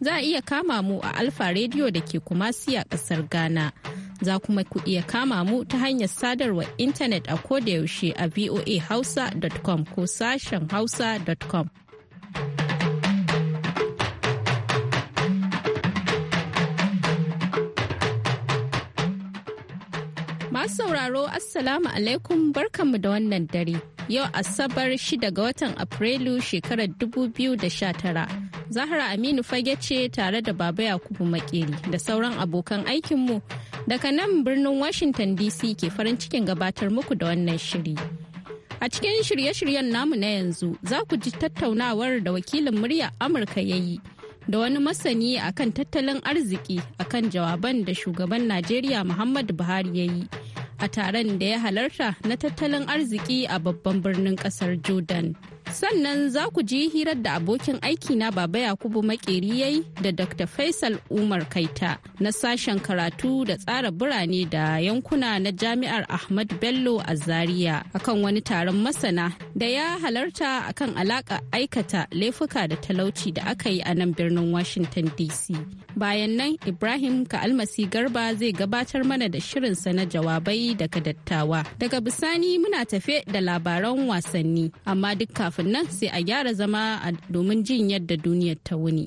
za a iya kama mu a Alfa Radio da ke Kumasi a kasar Ghana. Za kuma ku iya kama mu ta hanyar sadarwar intanet a kodayaushe a voahausa.com ko sashen hausa.com. Masu sauraro Assalamu alaikum barkanmu da wannan dare. Yau Asabar 6 ga watan Afrilu shekarar 2019 Zahra Aminu fage ce tare da Baba Yakubu Makeri da sauran abokan aikinmu daga nan birnin Washington DC ke farin cikin gabatar muku da wannan shiri. A cikin shirye-shiryen namu na yanzu za ku ji tattaunawar da wakilin murya Amurka ya yi da wani masani akan tattalin arziki akan jawaban da shugaban Najeriya Muhammadu Buhari ya yi. a taron da ya halarta na tattalin arziki a babban birnin kasar jordan sannan za ku ji hirar da abokin aiki na baba yakubu makeri yayi da dr faisal umar kaita na sashen karatu da tsara birane da yankuna na jami'ar ahmad bello a zaria akan wani taron masana da ya halarta akan alaka aikata laifuka da talauci da aka yi a nan birnin washington dc bayan nan ibrahim ka almasi garba zai gabatar mana da shirinsa na jawabai daga dattawa. Daga bisani muna tafe da labaran wasanni, amma duk kafin nan sai a gyara zama domin jin yadda duniyar ta wuni.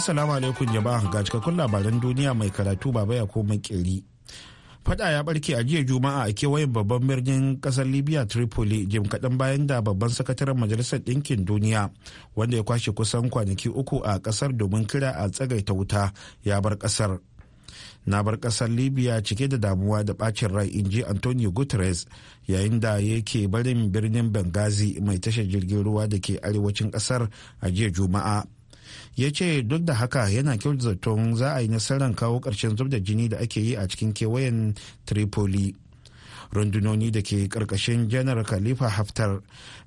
Assalamu alaikum jama'a ga cikakkun labaran duniya mai karatu baba ya ko makeri. fada ya barke a jiya juma'a a kewayen babban birnin kasar libya tripoli jim kaɗan bayan da babban sakataren majalisar ɗinkin duniya wanda ya kwashe kusan kwanaki uku a ƙasar domin kira a tsagaita wuta ya bar ƙasar na bar ƙasar libya cike da damuwa da bacin rai in ji antonio guterres yayin da yake barin birnin benghazi mai tashar jirgin ruwa da ke arewacin ƙasar a jiya juma'a ya ce duk da haka yana zaton za a yi nasarar kawo ƙarshen zub da jini da ake yi a cikin kewayen tripoli rundunoni da ke karkashin janar khalifa haftar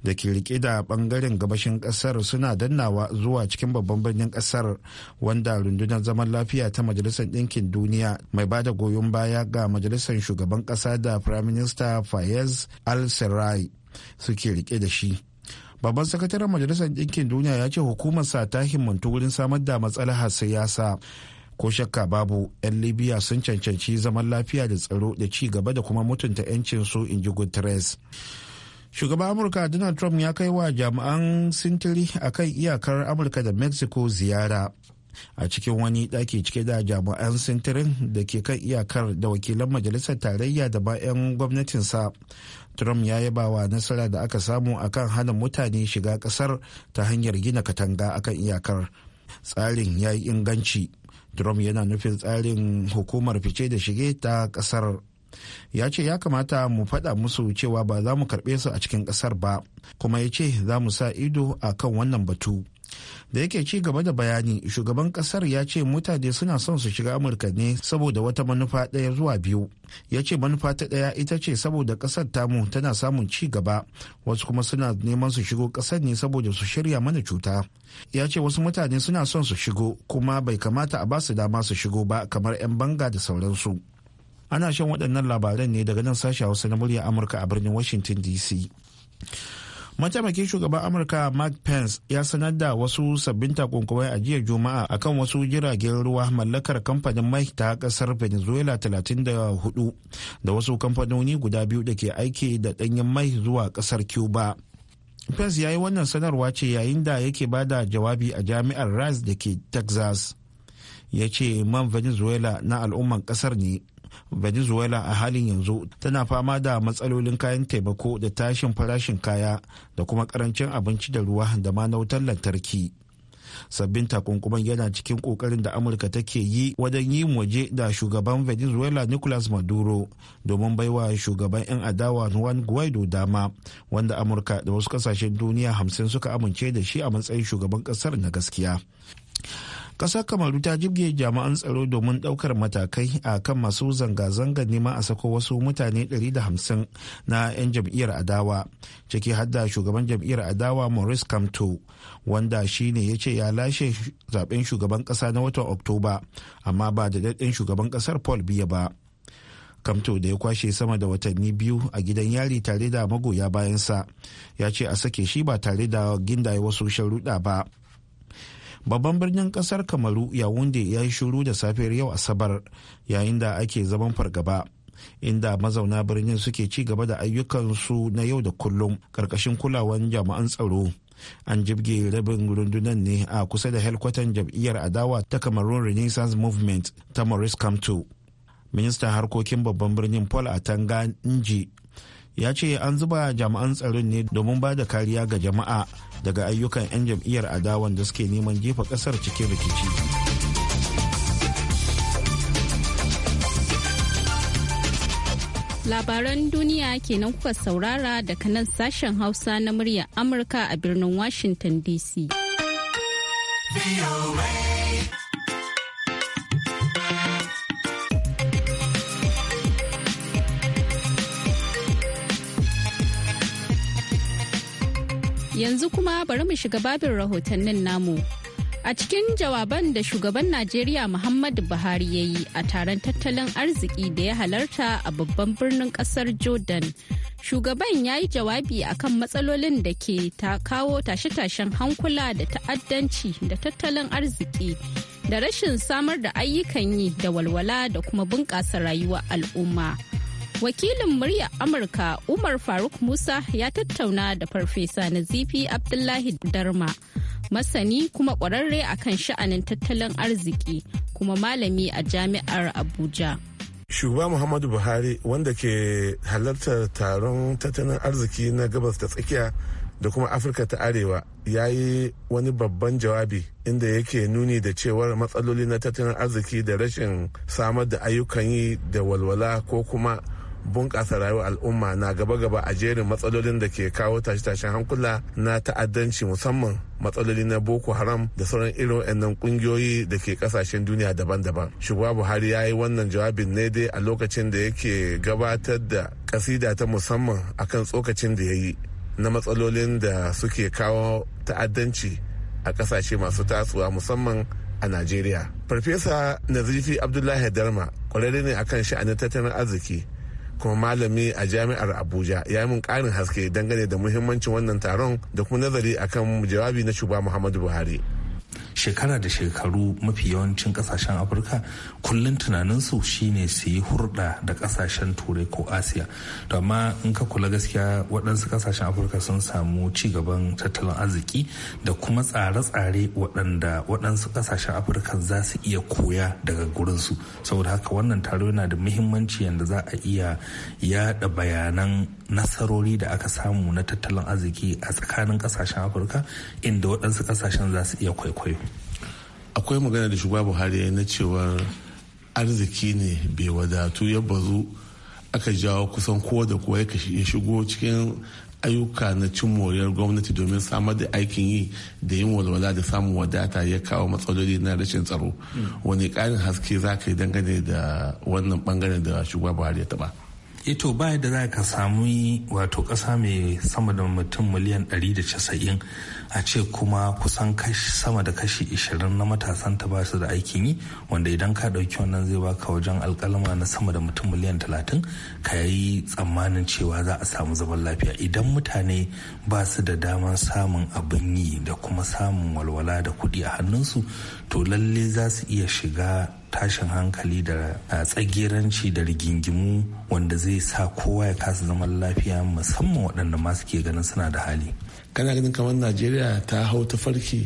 da ke rike da ɓangaren gabashin ƙasar suna dannawa zuwa cikin babban birnin ƙasar wanda rundunar zaman lafiya ta majalisar ɗinkin duniya mai bada goyon baya ga majalisar shugaban ƙasa da Firaminista fayez al sirai suke rike da shi babban sakataren majalisar ɗinkin duniya ya ce hukumarsa ta himmantu wurin samar da matsalar siyasa ko shakka babu 'yan libya sun cancanci zaman lafiya da tsaro da ci gaba da kuma mutunta 'yancin su in ji guterres shugaban amurka donald trump ya kai wa jami'an sintiri a kan iyakar amurka da mexico ziyara a cikin wani ɗaki cike da jami'an sintirin da ke kan iyakar da wakilan majalisar tarayya da bayan gwamnatinsa trump ya yaba wa nasara da aka samu akan hana mutane shiga kasar ta hanyar gina katanga akan iyakar tsarin ya yi inganci trump yana nufin tsarin hukumar fice da shige ta kasar ya ce ya kamata mu faɗa musu cewa ba za mu karɓe su a cikin ƙasar ba kuma ya ce za mu sa ido a kan wannan batu da yake ci gaba da bayani shugaban kasar ya ce mutane suna son su shiga amurka ne saboda wata manufa ɗaya zuwa biyu ya ce manufa ta ɗaya ita ce saboda ƙasar tamu tana samun ci gaba wasu kuma suna neman su shigo ƙasar ne saboda su shirya mana cuta ya ce wasu mutane suna son su shigo kuma bai kamata a basu dama su shigo ba kamar 'yan banga da sauransu ana shan waɗannan labaran ne daga nan sashen hausa na murya amurka a birnin washington dc mataimakin shugaban amurka mark pence ya sanar da wasu sabbin takunkumai a jiya juma'a akan wasu jiragen ruwa mallakar kamfanin mai ta kasar venezuela 34 da wasu kamfanoni guda biyu da ke aiki da danyen mai zuwa kasar cuba pence ya yi wannan sanarwa ce yayin da yake da jawabi a jami'ar rice da ke texas ya ce man venezuela na al'umman kasar ne venezuela a halin yanzu tana fama da matsalolin kayan taimako da tashin farashin kaya da kuma karancin abinci da ruwa da ma wutar lantarki sabbin takunkuman yana cikin kokarin da amurka take yi wajen yin waje da shugaban venezuela nicolas maduro domin baiwa shugaban 'yan adawa juan guaido dama wanda amurka da wasu kasashen duniya hamsin suka amince da shi a matsayin shugaban kasar na gaskiya ƙasar kamaru ta jibge jami'an tsaro domin ɗaukar matakai a kan masu zanga zanga neman a sako wasu mutane 150 na 'yan jam'iyyar adawa ciki hadda shugaban jam'iyyar adawa maurice kamto wanda shi ne ya ce ya lashe zaben shugaban ƙasa na watan oktoba amma ba da daɗin shugaban ƙasar paul biya ba kamto da ya kwashe sama da watanni biyu a gidan yari tare da magoya bayansa ya ce a sake shi ba tare da gindaye wasu sharuɗa ba babban birnin kasar kamaru yawunde ya yi shuru da safiyar yau asabar yayin da ake zaman fargaba inda mazauna birnin suke ci gaba da ayyukansu na yau da kullum karkashin kulawan jami'an tsaro an jibge rabin rundunan ne a kusa da helkwatan jam'iyyar adawa ta kamarun renaissance movement ta maurice kamto ministan harkokin babban birnin paul atanga nji ya ce an zuba jami'an tsaron ne domin ba da kariya ga jama'a daga ayyukan 'yan jam'iyyar adawan da suke neman jefa kasar cikin rikici labaran duniya kenan kuka saurara daga nan sashen hausa na murya amurka a birnin washington dc Yanzu kuma bari mu shiga babin rahotannin namu. A cikin jawaban da shugaban Najeriya Muhammadu Buhari ya yi a taron tattalin arziki da ya halarta a babban birnin kasar Jordan, shugaban ya yi jawabi akan matsalolin da ke ta kawo tashe-tashen hankula da ta'addanci da tattalin arziki da rashin samar da ayyukan yi da walwala da kuma bunƙasa rayuwar al'umma. Wakilin muryar Amurka Umar Faruk Musa ya tattauna da Farfesa Nazifi Abdullahi Darma, masani kuma kwararre a kan sha'anin tattalin arziki kuma malami a jami'ar Abuja. Shugaba Muhammadu Buhari wanda ke halartar taron tattalin arziki na gabas ta tsakiya da kuma afirka ta arewa ya yi wani babban jawabi inda yake nuni da cewar matsaloli na tattalin arziki da rashin samar da ayyukan yi da walwala ko kuma bunƙasa rayuwar al'umma na gaba-gaba a jerin matsalolin da ke kawo tashe-tashen hankula na ta'addanci musamman matsaloli na boko haram da sauran irin wayannan kungiyoyi da ke kasashen duniya daban-daban shugaba buhari ya yi wannan jawabin ne dai a lokacin da yake gabatar da kasida ta musamman akan tsokacin da ya yi na matsalolin da suke kawo ta'addanci a kasashe masu tasowa musamman a najeriya farfesa nazifi abdullahi darma kwararre ne akan sha'anin tattalin arziki kuma malami a jami'ar abuja ya yi mun karin haske dangane da muhimmancin wannan taron da kuma nazari akan jawabi na shugaba muhammadu buhari shekara da shekaru mafi yawancin kasashen afirka kullum tunaninsu shine su yi hurɗa da kasashen turai ko asiya to amma in ka kula gaskiya waɗansu kasashen afirka sun samu ci gaban tattalin arziki da kuma tsare-tsare waɗanda waɗansu kasashen afirka za su iya koya daga gurinsu saboda haka wannan taro yana da muhimmanci yadda za a iya yaɗa bayanan nasarori da aka samu na tattalin arziki a tsakanin kasashen afirka inda waɗansu kasashen za su iya kwaikwayo akwai magana da shugaba buhari na cewar arziki ne bai wadatu ya bazu aka jawo kusan kowa da kowa ya shigo cikin ayyuka na cin moriyar gwamnati domin samar da aikin yi da yin walwala da samun wadata ya kawo matsaloli na rashin tsaro mm. wani ƙarin haske za ka yi dangane da wannan bangaren da shugaba buhari ya taba ito eh baya da za ka samu wato kasa mai sama da mutum miliyan 190 a ce kuma kusan sama da kashi 20 na matasan ta basu da aikin yi wanda idan ka ɗauki wannan zai baka wajen alkalama na sama da mutum miliyan talatin ka yi tsammanin cewa za a samu zaman lafiya idan mutane ba su da daman samun abin yi da kuma samun walwala da kuɗi a hannunsu to lalle za su iya shiga tashin hankali da tsagiranci da rigingimu wanda zai sa kowa ya kasa zaman lafiya musamman waɗanda ma suke ganin suna da hali kana ganin kamar najeriya ta hau ta farki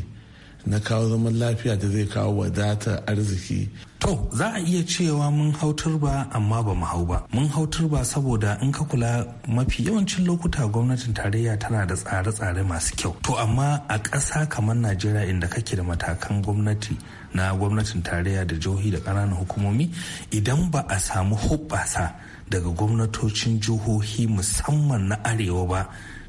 na kawo zaman lafiya da zai kawo wadata arziki to za a iya cewa mun hau turba amma ba mu hau ba mun hau turba saboda in ka kula mafi yawancin lokuta gwamnatin tarayya tana da tsare-tsare masu kyau to amma a ƙasa kamar najeriya inda kake da matakan gwamnati na gwamnatin tarayya da jihohi da ƙananan hukumomi idan ba a samu hubbasa daga gwamnatocin jihohi musamman na arewa ba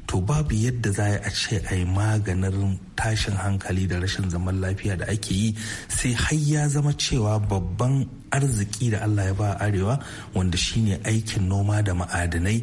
to babu yadda za a ce a yi maganin tashin hankali da rashin zaman lafiya da ake yi sai har ya zama cewa babban arziki da Allah ya ba arewa wanda shine aikin noma da ma'adanai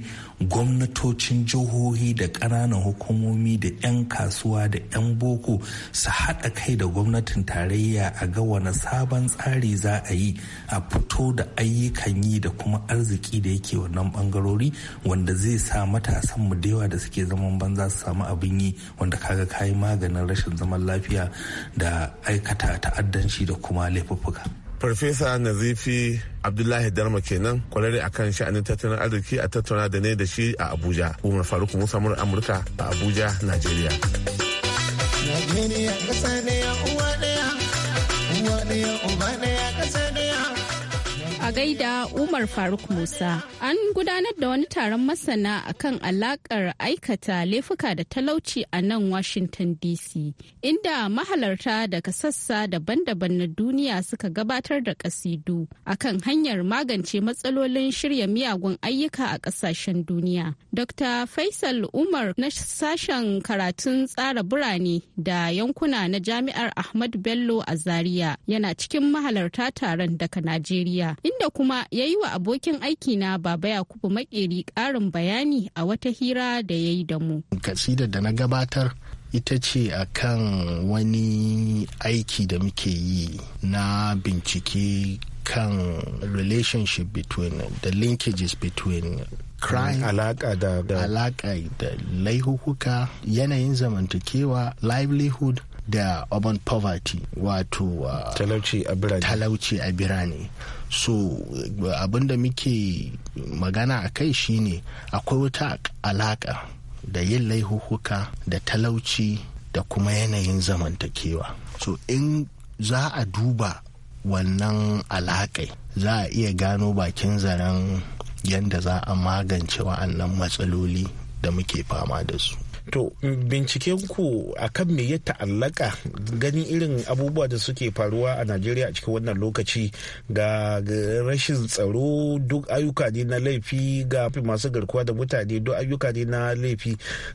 gwamnatocin jihohi da ƙananan hukumomi da 'yan kasuwa da 'yan boko su haɗa kai da gwamnatin tarayya a ga wani sabon tsari za a yi a fito da ayyukan yi da kuma arziki da yake wannan bangarori wanda zai sa matasanmu da yawa da suke zaman banza su samu abin yi wanda kaga kayi maganin rashin zaman lafiya da aikata ta'addanci da kuma laifuffuka. Farfesa Nazifi Abdullahi Darma kenan kwararre akan sha'anin tattalin arziki a tattauna da ne da shi a Abuja. Umar Faruk Musa Amurka a Abuja, Najeriya. Najeriya ƙasa ne uwa ɗaya, uwa ɗaya uba ɗaya. a gaida Umar Faruk Musa. An gudanar da wani taron masana akan alakar aikata laifuka da talauci a nan Washington DC, inda mahalarta daga sassa daban-daban na duniya suka gabatar da kasidu akan hanyar magance matsalolin shirya miyagun ayyuka a ƙasashen duniya. Dr. Faisal Umar na sashen karatun tsara birane da yankuna na Jami'ar Ahmad Bello a Zaria yana cikin mahalarta taron daga Najeriya. inda kuma ya yi wa abokin aiki na baba yakubu makeri ƙarin bayani a wata hira da ya yi da mu kasidar da na gabatar ita ce a kan wani aiki da muke yi na bincike kan relationship between the linkages between crime mm, alaka da, alaka da laihuhuka yanayin zamantakewa livelihood da urban poverty wato uh, talauci a birane so abinda muke magana a kai shine akwai wata alaka da yin laihuhuka da talauci da kuma yanayin zamantakewa so in za a duba wannan alaƙai za a iya gano bakin zaren yadda za a magance wa'annan matsaloli da muke fama da su to binciken ku akan me ya ta'allaka ganin irin abubuwa da suke faruwa a najeriya a cikin wannan lokaci ga rashin tsaro duk ayyuka ne na laifi ga masu garkuwa da mutane duk ayyuka ne na laifi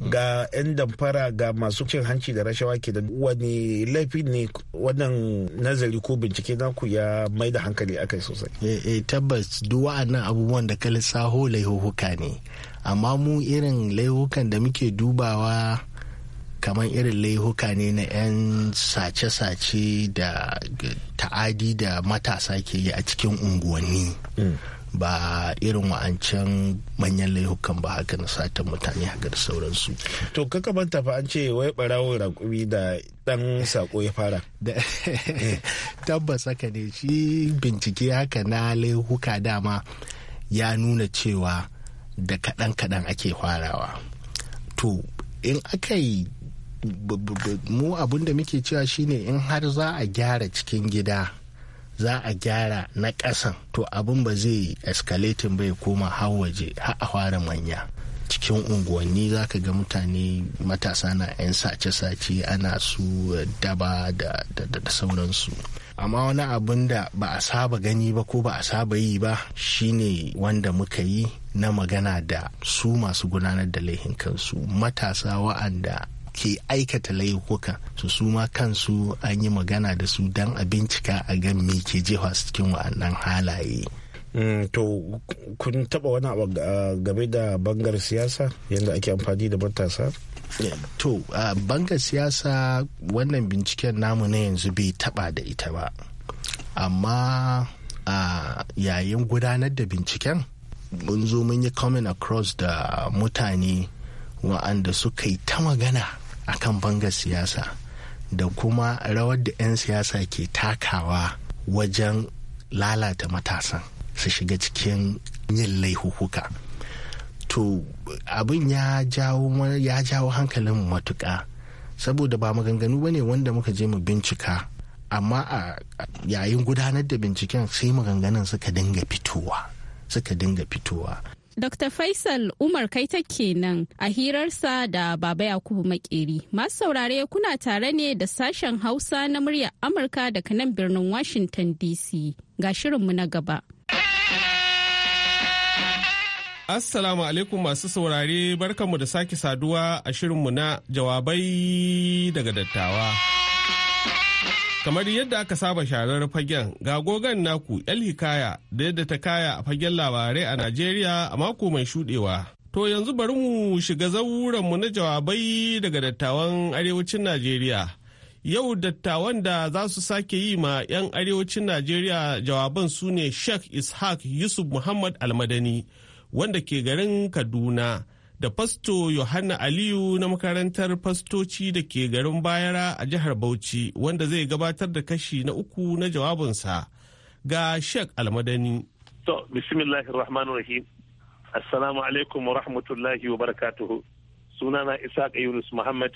ga 'yan damfara ga masu cin hanci da rashawa ke da wani laifi ne wannan nazari ko bincike naku ya mai da hankali akai sosai eh, eh, tabbas duk wa'annan abubuwan da ka lissaho laihuhuka ne amma mu irin laihukan da muke dubawa kamar irin laihuka ne na 'yan sace-sace da ta'adi da matasa ke yi a cikin unguwanni mm. ba irin wa'ancan manyan laihukan ba haka na satan mutane haka da sauransu to manta fa an ce wai barawon rakumi da dan sako ya fara tabbas haka ne shi bincike haka na laihuka dama ya nuna cewa da kaɗan-kaɗan ake farawa to in aka yi mu abin da muke cewa shine in har za a gyara cikin gida za a gyara na ƙasan to abin ba zai escalating bai koma har waje har a fara manya cikin unguwanni za ka ga mutane matasa na 'yan sace-sace ana su eh, daba da sauransu amma wani abin da ba a saba gani ba ko ba a saba yi ba shine wanda muka yi na magana da su masu gudanar da laihin kansu matasa wa'anda ke aikata laifuka su su ma kansu an yi magana da su don a bincika a gan me ke jefa cikin wa'annan halaye Mm, to kun taba wani abu uh, game da bangar siyasa yadda ake amfani da matasa to uh, bangar siyasa wannan binciken namu na yanzu bai taba da ita ba amma uh, yayin gudanar da binciken mun zo mun yi coming across da mutane wa'anda suka yi ta magana akan bangar siyasa da kuma rawar da 'yan siyasa ke takawa wajen lalata matasan su shiga cikin yin laihuhuka to abin ya jawo ya jawo hankalin matuƙa saboda ba maganganu ba ne wanda muka je mu bincika amma a yayin gudanar da binciken sai maganganun suka dinga fitowa suka dinga fitowa Dr. Faisal Umar Kaita kenan a hirarsa da Baba Yakubu Makeri. Masu saurare kuna tare ne da sashen Hausa na muryar Amurka daga nan birnin Washington DC. Ga shirinmu na gaba. Assalamu alaikum masu saurare barkanmu da sake saduwa a shirinmu na jawabai daga dattawa. Kamar yadda aka saba sharar fagen ga gogan naku El Hikaya da yadda ta kaya a fagen labarai a Najeriya a mako mai shudewa. To yanzu bari mu shiga zauranmu na jawabai daga dattawan arewacin Najeriya. Yau dattawan da za su sake yi ma 'yan arewacin Najeriya jawaban su ne Sheikh Ishaq Yusuf Muhammad Almadani. wanda ke garin kaduna da fasto yohanna aliyu na makarantar fastoci da ke garin bayara a jihar bauchi wanda zai gabatar da kashi na uku na jawabinsa ga sheikh almadani to bismillahir rahim assalamu alaikum wa rahmatullahi wa barakatuhu sunana isaac yunus muhammad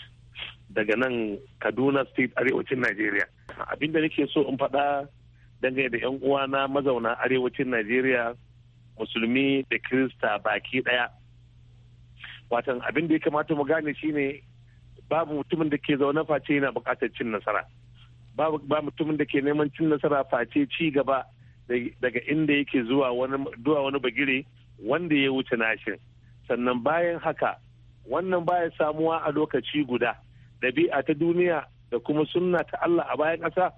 daga nan kaduna state arewacin najeriya abinda nake so in faɗa dangane da yan uwana mazauna arewacin najeriya musulmi da kirista baki ɗaya watan abin da ya kamata mu gane shine babu mutumin da ke zaune face yana buƙatar cin nasara babu ba mutumin da ke neman cin nasara face ci gaba daga inda yake zuwa wani zuwa wani bagire wanda ya wuce nashin sannan bayan haka wannan baya samuwa a lokaci guda ɗabi'a ta duniya da kuma sunna ta Allah a bayan ƙasa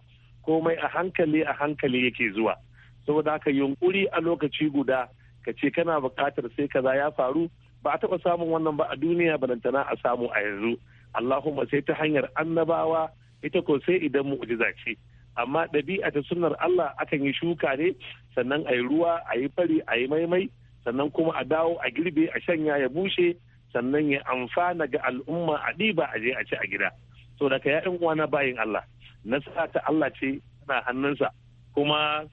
komai a hankali a hankali yake zuwa saboda haka yunkuri a lokaci guda ka ce kana buƙatar sai kaza ya faru ba a taɓa samun wannan ba a duniya balantana a samu a yanzu allahumma sai ta hanyar annabawa ita ko sai idan mu'jiza ce amma ɗabi'a ta sunnar allah akan yi shuka ne sannan a yi ruwa a yi fari a yi maimai sannan kuma a dawo a girbe a shanya ya bushe sannan ya amfana ga al'umma a ɗiba a je a ci a gida so daga ya'yan uwa na bayin allah sa ta allah ce na hannunsa kuma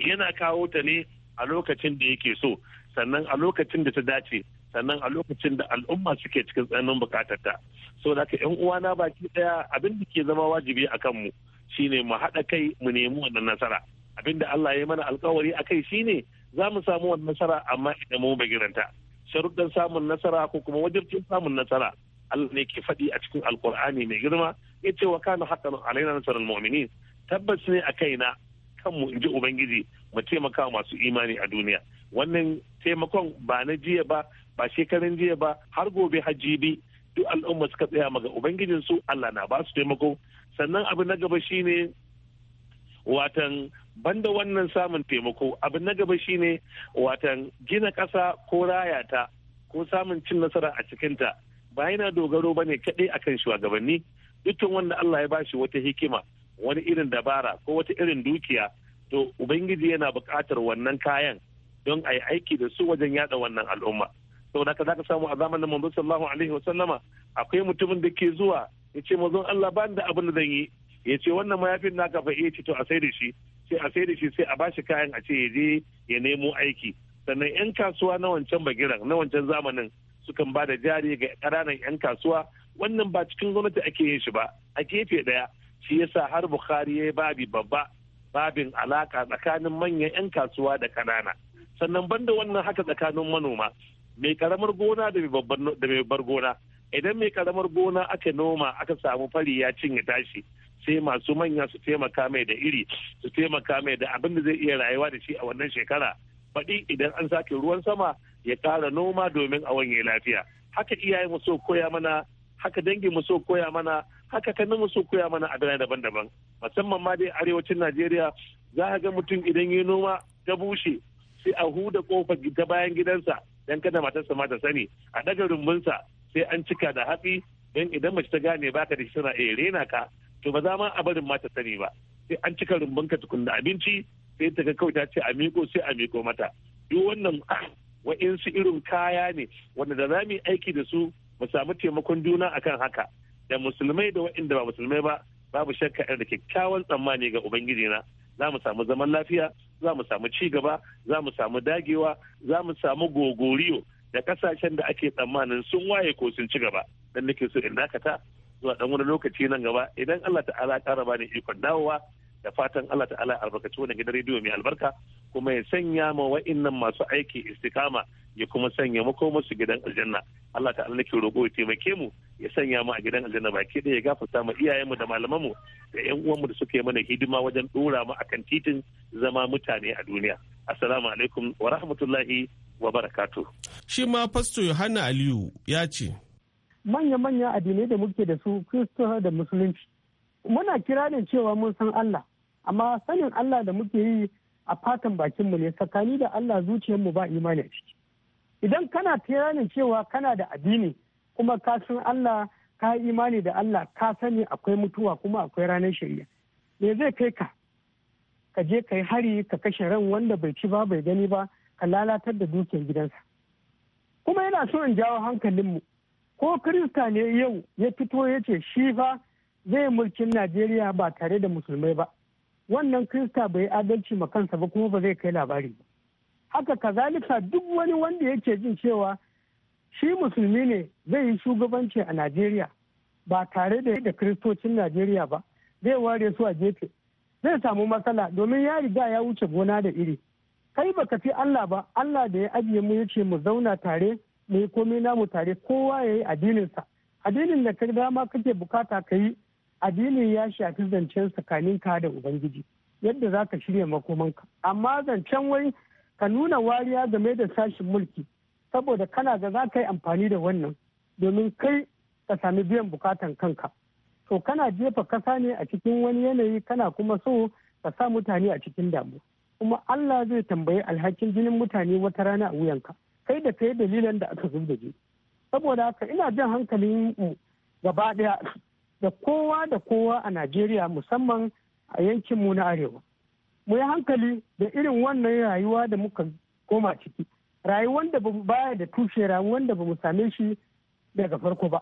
yana kawo ta ne a lokacin da yake so sannan a lokacin da ta dace sannan a lokacin da al'umma suke cikin tsananin ta so da ka yan uwana baki daya abin da ke zama wajibi a kanmu shine mu haɗa kai mu nemi wannan nasara abin da Allah ya yi mana alkawari a kai shine za mu samu wannan nasara amma idan mu bagiranta sharuɗan samun nasara ko kuma wajibcin samun nasara Allah ne ke faɗi a cikin alkur'ani mai girma ya ce wa kana haqqan alaina nasrul mu'minin tabbas ne a kaina kanmu in ji ubangiji mu taimaka masu imani a duniya wannan taimakon ba na jiya ba ba shekaran jiya ba har gobe hajji bi duk al'umma suka tsaya maga ubangijin su Allah na ba su taimako sannan abu na gaba shine watan banda wannan samun taimako abu na gaba shine watan gina ƙasa ko raya ta ko samun cin nasara a cikinta ba yana dogaro ba ne kaɗai akan shugabanni dukkan wanda Allah ya bashi wata hikima wani irin dabara ko wata irin dukiya to ubangiji yana buƙatar wannan kayan don a yi aiki da su wajen yada wannan al'umma ka za ka samu a zamanin manzo sallallahu alaihi wa sallama akwai mutumin da ke zuwa ya ce mazon Allah ba da abin da zan yi ya ce wannan mayafin na fa iya eh, ce to a sai da shi sai a sai da shi sai a bashi kayan a ce ya je ya nemo aiki sannan yan kasuwa na wancan bagiran na wancan zamanin sukan ba da jari ga ƙananan yan kasuwa wannan ba cikin gwamnati ake yin shi ba a gefe daya shi yasa har bukhari ya yi babi babba babin alaka tsakanin manyan 'yan kasuwa da kanana sannan banda wannan haka tsakanin manoma mai karamar gona da mai bar gona idan mai karamar gona aka noma aka samu fari ya cinye tashi sai masu manya su taimaka mai da iri su taimaka mai da abin da zai iya rayuwa da shi a wannan shekara baɗi idan an sake ruwan sama ya ƙara noma domin a wanye lafiya haka iyaye so koya mana haka dangi mu so koya mana haka ta nan su koya mana a birane daban-daban musamman ma dai arewacin najeriya za a ga mutum idan ya noma ta bushe sai a huda kofar ta bayan gidansa dan kada matarsa ma ta sani a ɗaga rumbunsa sai an cika da hatsi dan idan mace ta gane baka da shi tana iya rena ka to ba za ma a barin ma ta sani ba sai an cika rumbunka tukun da abinci sai ta ga kawai ta ce a miko sai a miko mata duk wannan wa'insu irin kaya ne wanda da za mu yi aiki da su mu samu taimakon juna akan haka da musulmai da waɗanda ba musulmai ba babu shakka da kyakkyawan tsammani ga ubangiji na za mu samu zaman lafiya za mu samu ci gaba za mu samu dagewa za mu samu gogoriyo da kasashen da ake tsammanin sun waye ko sun ci gaba dan nake so in dakata zuwa dan wani lokaci nan gaba idan Allah ta'ala raba ni ikon dawowa da fatan Allah ta'ala albarkaci wannan gidan rediyo mai albarka kuma ya sanya ma wa'annan masu aiki istikama ya kuma sanya mako musu gidan aljanna Allah ta'ala nake roƙo ya taimake mu ya sanya mu a gidan aljanna baki ɗaya ya gafarta mu iyayenmu da mu da yan mu da suke mana hidima wajen ɗora mu akan titin zama mutane a duniya assalamu alaikum wa rahmatullahi wa barakatu shi ma fasto yohana aliyu ya ce manya-manya addinai da muke da su kristo da musulunci muna kiranin cewa mun san allah amma sanin allah da muke yi a fatan bakinmu ne tsakani da allah zuciyarmu ba imani a ciki idan kana kiranin cewa kana da addini kuma ka san Allah ka imani da Allah ka sani akwai mutuwa kuma akwai ranar shari'a me zai kai ka ka je ka yi hari ka kashe ran wanda bai ci ba bai gani ba ka lalatar da dukiyar gidansa kuma yana so in jawo mu. ko kirista ne yau ya fito ya ce shi fa zai mulkin najeriya ba tare da musulmai ba wannan kirista bai adalci ma kansa ba kuma ba zai kai labari ba haka kazalika duk wani wanda yake jin cewa shi musulmi ne zai yi shugabanci a najeriya ba tare da da kiristocin najeriya ba zai ware su a gefe zai samu matsala domin ya riga ya wuce gona da iri kai ba ka fi allah ba allah da ya ajiye mu ya mu zauna tare mu yi komai namu tare kowa ya yi addininsa addinin da ka dama kake bukata ka yi addinin ya shafi zancen tsakanin ka da ubangiji yadda za ka shirya makomanka amma zancen wai ka nuna wariya game da sashin mulki saboda kana ga za ka yi amfani da wannan domin kai ka sami biyan bukatan kanka to kana jefa kasa ne a cikin wani yanayi kana kuma so ka sa mutane a cikin damu kuma Allah zai tambayi alhakin jinin mutane wata rana a wuyanka kai da kai dalilan da aka zub saboda haka ina jan hankalin mu gaba daya da kowa da kowa a Najeriya musamman a yankin mu na arewa mu yi hankali da irin wannan rayuwa da muka koma ciki rayuwan da baya da tushe rayuwar da bamu same shi daga farko ba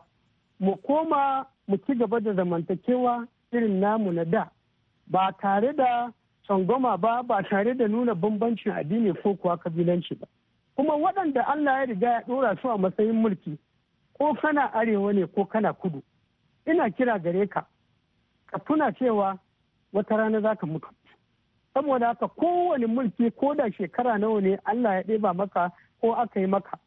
mu koma mu ci gaba da zamantakewa irin namu na da ba tare da tsangwama ba ba tare da nuna bambancin addini ko kuwa kabilanci ba kuma waɗanda Allah ya riga ya ɗora su a matsayin mulki ko kana arewa ne ko kana kudu ina kira gare ka ka tuna cewa wata rana za ka mutu saboda haka kowane mulki ko da shekara nawa ne Allah ya ɗeba maka ko aka yi maka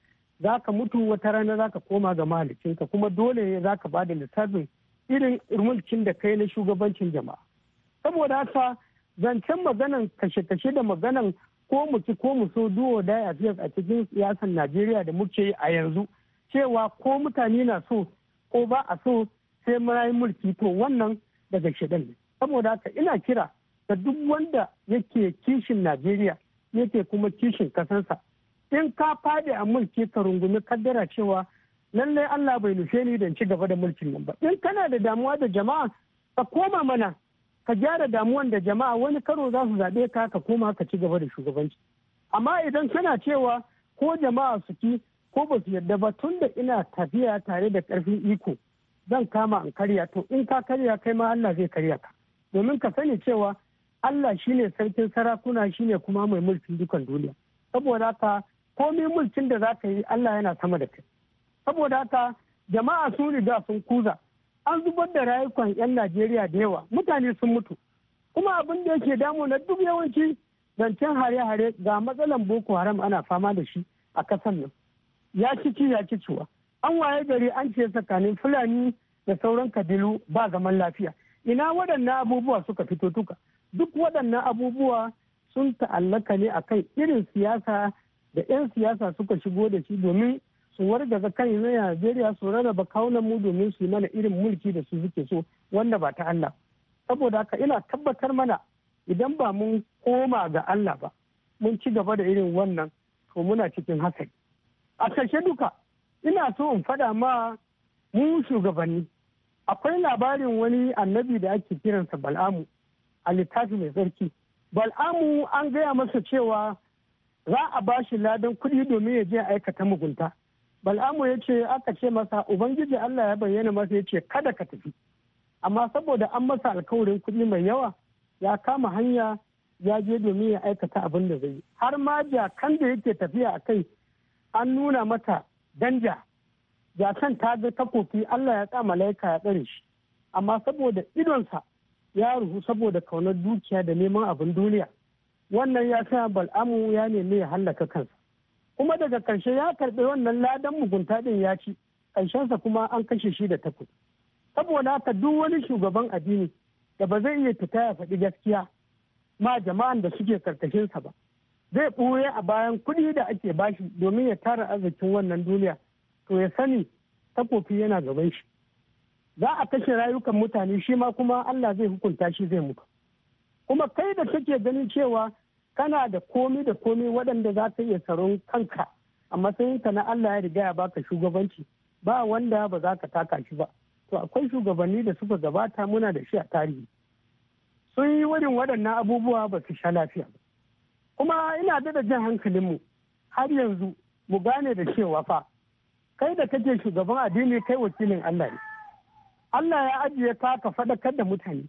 za ka mutu wata rana za ka koma ga malikinka. kuma dole za ka ba da littafin irin mulkin da kai na shugabancin jama'a saboda haka zancen maganan kashe-kashe da maganan ko mu ci ko mu so duwo da a cikin siyasar najeriya da muke a yanzu cewa ko mutane na so ko ba a so sai muna mulki to wannan daga shidan ne saboda haka ina kira da duk wanda yake kishin najeriya yake kuma kishin kasansa in ka fadi a mulki ka rungumi kaddara cewa lallai allah bai nufe ni don ci gaba da mulkin nan ba in kana da damuwa da jama'a ka koma mana ka gyara damuwan da jama'a wani karo za su zaɓe ka ka koma ka ci gaba da shugabanci amma idan kana cewa ko jama'a su ki ko ba su yarda ba tun da ina tafiya tare da ƙarfin iko zan kama an karya to in ka karya kai ma Allah zai karya ka domin ka sani cewa Allah shine sarkin sarakuna shine kuma mai mulkin dukan duniya saboda haka komai mulkin da za ka yi Allah yana sama da kai saboda haka jama'a sun riga sun kuza an zubar da rayukan 'yan Najeriya da yawa mutane sun mutu kuma abin da yake damu na duk yawanci zancen hare-hare ga matsalan Boko Haram ana fama da shi a kasan nan ya ci ya ci ciwa an waye gari an ce tsakanin Fulani da sauran kabilu ba zaman lafiya ina waɗannan abubuwa suka fito tuka duk waɗannan abubuwa sun ta'allaka ne a kan irin siyasa da 'yan siyasa suka shigo da shi domin su wargaza kai na Najeriya su rarraba kaunan mu domin su yi mana irin mulki da su suke so wanda ba ta Allah. Saboda haka ina tabbatar mana idan ba mun koma ga Allah ba mun ci gaba da irin wannan to muna cikin hakan. A ƙarshe duka ina so in faɗa ma mu shugabanni akwai labarin wani annabi da ake kiransa Bal'amu a littafi mai tsarki bal'amu an gaya masa cewa za a ba shi ladan kuɗi domin ya je aikata mugunta bal'amu ya ce aka ce masa ubangiji allah ya bayyana masa ya ce kada ka tafi amma saboda an masa alkawarin kuɗi mai yawa ya kama hanya ya je domin ya aikata abin da zai har ma jakan da yake tafiya a kai an nuna mata danja jakan ta ga takofi allah ya sa laika ya tsare shi amma saboda idonsa ya ruhu saboda kaunar dukiya da neman abin duniya wannan ya sa bal'amu ya nemi ya hallaka kansa kuma daga ƙarshe ya karɓi wannan ladan mugunta ɗin ya ci ƙarshensa kuma an kashe shi da takwas saboda haka duk wani shugaban addini da ba zai iya fita ya faɗi gaskiya ma jama'an da suke karkashinsa ba zai ɓoye a bayan kuɗi da ake bashi domin ya tara arzikin wannan duniya to ya sani takofi yana gaban shi za a kashe rayukan mutane shi ma kuma Allah zai hukunta shi zai muka. kuma kai da kake ganin cewa kana da komi da komi waɗanda za ka iya tsaron kanka a matsayinka na Allah ya riga ya baka shugabanci ba wanda ba za ka taka shi ba to akwai shugabanni da suka gabata muna da shi a tarihi sun yi wurin waɗannan abubuwa ba su sha lafiya ba kuma ina da jan hankalinmu har yanzu mu gane da cewa fa kai da kake shugaban addini kai wakilin Allah ne Allah ya ajiye ka ka faɗakar da mutane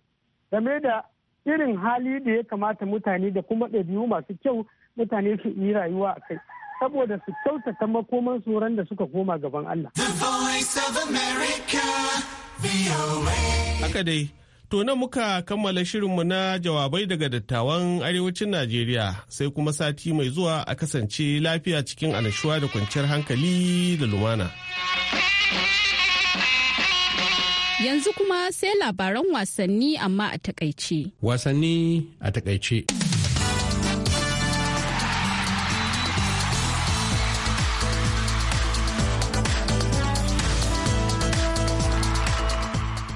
game da irin hali da ya kamata mutane da kuma ɗabi'u masu kyau mutane su yi rayuwa a kai saboda su kyautata makoman tsoron da suka koma gaban Allah. Haka dai, to nan muka kammala shirinmu na jawabai daga dattawan arewacin Najeriya sai kuma sati mai zuwa a kasance lafiya cikin anashuwa da kwanciyar hankali da lumana. Yanzu kuma sai labaran wasanni amma a takaice. Wasanni a takaice.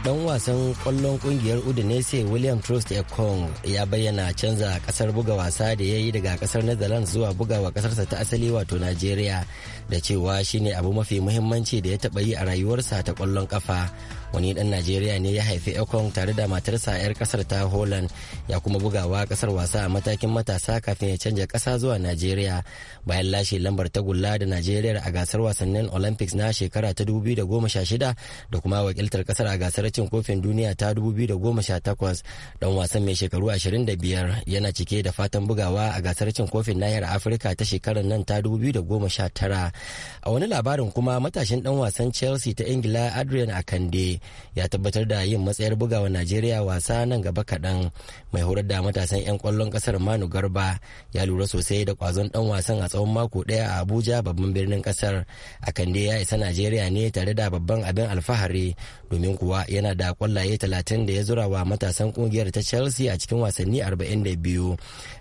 dan wasan kwallon kungiyar udinese william trust ekong ya bayyana canza ƙasar buga wasa da ya yi daga ƙasar netherlands zuwa bugawa ƙasarsa ta asali wato najeriya da cewa shine abu mafi muhimmanci da ya taɓa yi a rayuwarsa ta kwallon ƙafa. wani dan najeriya ne ya haifi ekong tare da matarsa 'yar kasar ta holland ya kuma bugawa kasar wasa a matakin matasa kafin ya canja kasa zuwa najeriya bayan lashe lambar tagulla da najeriya a gasar wasannin olympics na shekara ta 2016 da kuma wakiltar kasar a gasar cin kofin duniya ta 2018 dan wasan mai shekaru 25 yana cike da fatan bugawa a gasar cin kofin nahiyar afirka ta shekarar nan ta 2019 a wani labarin kuma matashin dan wasan chelsea ta ingila adrian akande ya tabbatar da yin matsayar bugawa najeriya wasa nan gaba kaɗan mai horar da matasan 'yan kwallon ƙasar manu garba ya lura sosai da kwazon ɗan wasan a tsawon mako ɗaya a abuja babban birnin ƙasar. akan dai ya isa najeriya ne tare da babban abin alfahari domin kuwa yana da kwallaye talatin da ya zura wa matasan ƙungiyar ta chelsea a cikin wasanni arba'in da biyu.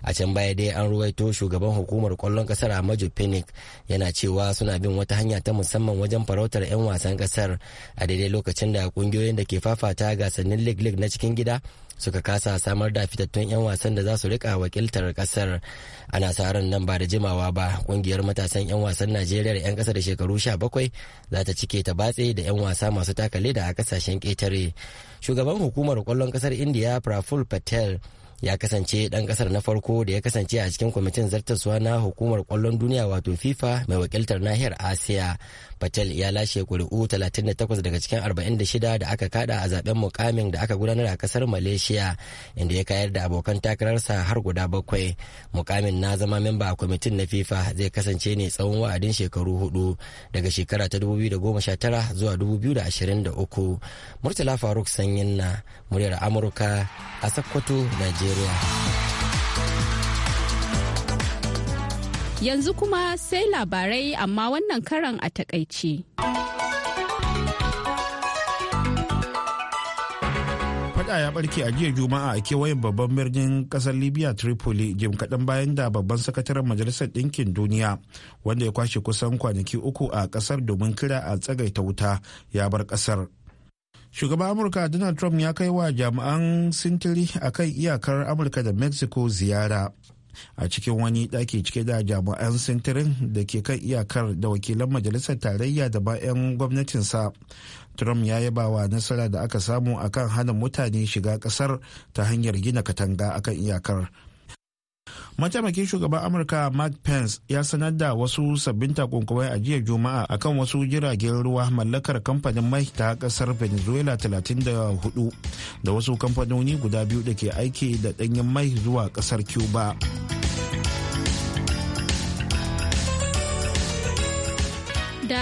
a can baya dai an ruwaito shugaban hukumar kwallon ƙasar a phoenix yana cewa suna bin wata hanya ta musamman wajen farautar 'yan wasan kasar a daidai lokacin da kungiyoyin da ke fafata gasannin lig lig na cikin gida suka kasa samar da fitattun 'yan wasan da za su rika wakiltar kasar ana sa nan ba da jimawa ba kungiyar matasan 'yan wasan najeriya da 'yan kasa da shekaru 17 za ta cike ta batse da 'yan wasa masu takale da a kasashen ketare shugaban hukumar kwallon kasar indiya praful patel ya kasance dan kasar na farko da ya kasance a cikin kwamitin zartaswa na hukumar kwallon duniya wato fifa mai wakiltar nahiyar asiya patel ya lashe kuri'u 38 daga cikin 46 da aka kada a zaben mukamin da aka gudanar a kasar malaysia inda ya kayar da abokan takararsa har guda bakwai mukamin na zama memba a kwamitin na fifa zai kasance ne tsawon wa'adin shekaru hudu daga shekara ta 2019 zuwa 2023 murtala faruk sanyin na muryar amurka a sakkwato najeriya najeriya yanzu kuma sai labarai amma wannan karan a takaice. fada ya barke a jiya juma'a a kewayen babban birnin kasar libya tripoli jim kaɗan bayan da babban sakataren majalisar ɗinkin duniya wanda ya kwashe kusan kwanaki uku a ƙasar domin kira a tsagaita wuta ya bar ƙasar shugaban amurka donald trump ya kai wa jami'an sintiri a kan iyakar amurka da mexico ziyara a cikin wani ɗaki cike da jami'an sintirin da ke kan iyakar da wakilan majalisar tarayya da bayan gwamnatinsa trump ya yaba wa nasara da aka samu akan hana mutane shiga ƙasar ta hanyar gina katanga akan iyakar mataimakin shugaban amurka mark pence ya sanar da wasu sabbin takunkumai a jiya juma'a akan wasu jiragen ruwa mallakar kamfanin mai ta kasar venezuela 34 da wasu kamfanoni guda biyu da ke aiki da danyen mai zuwa kasar cuba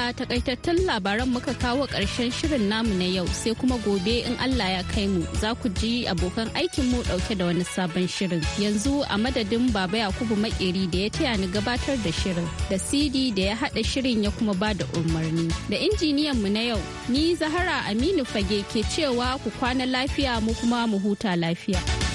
a takaitattun labaran muka kawo ƙarshen shirin namu na yau sai kuma gobe in Allah ya kai mu za ku ji abokan aikin mu ɗauke da wani sabon shirin. Yanzu a madadin Baba Yakubu Makeri da ya taya ni gabatar da shirin da CD da ya haɗa shirin ya kuma ba da umarni. Da injiniyan mu na yau ni Zahara Aminu Fage ke cewa ku kwana lafiya mu kuma mu huta lafiya.